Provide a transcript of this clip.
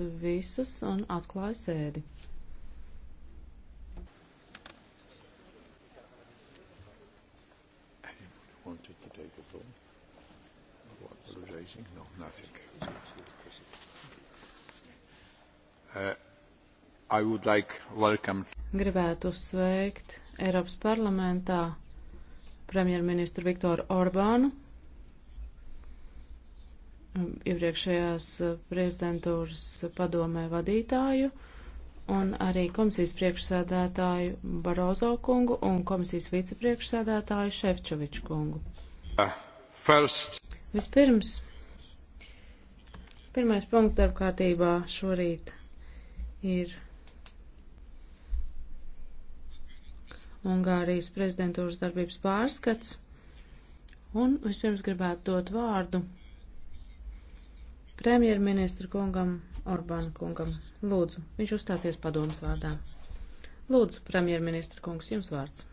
visus un atklāju sēdi. Wanted to take a phone. Apologizing? No, nothing. Uh, I would like welcome. Gribētu sveikt Eiropas parlamentā premjerministru Viktoru Orbānu, iepriekšējās prezidentūras padomē vadītāju un arī komisijas priekšsēdētāju Barozo kungu un komisijas vicepriekšsēdētāju Ševčoviču kungu. Uh, first. Vispirms, pirmais punkts darba kārtībā šorīt ir Ungārijas prezidentūras darbības pārskats. Un vispirms gribētu dot vārdu premjerministru kungam Orbāna kungam. Lūdzu, viņš uzstāsies padomas vārdā. Lūdzu, premjerministra kungs, jums vārds.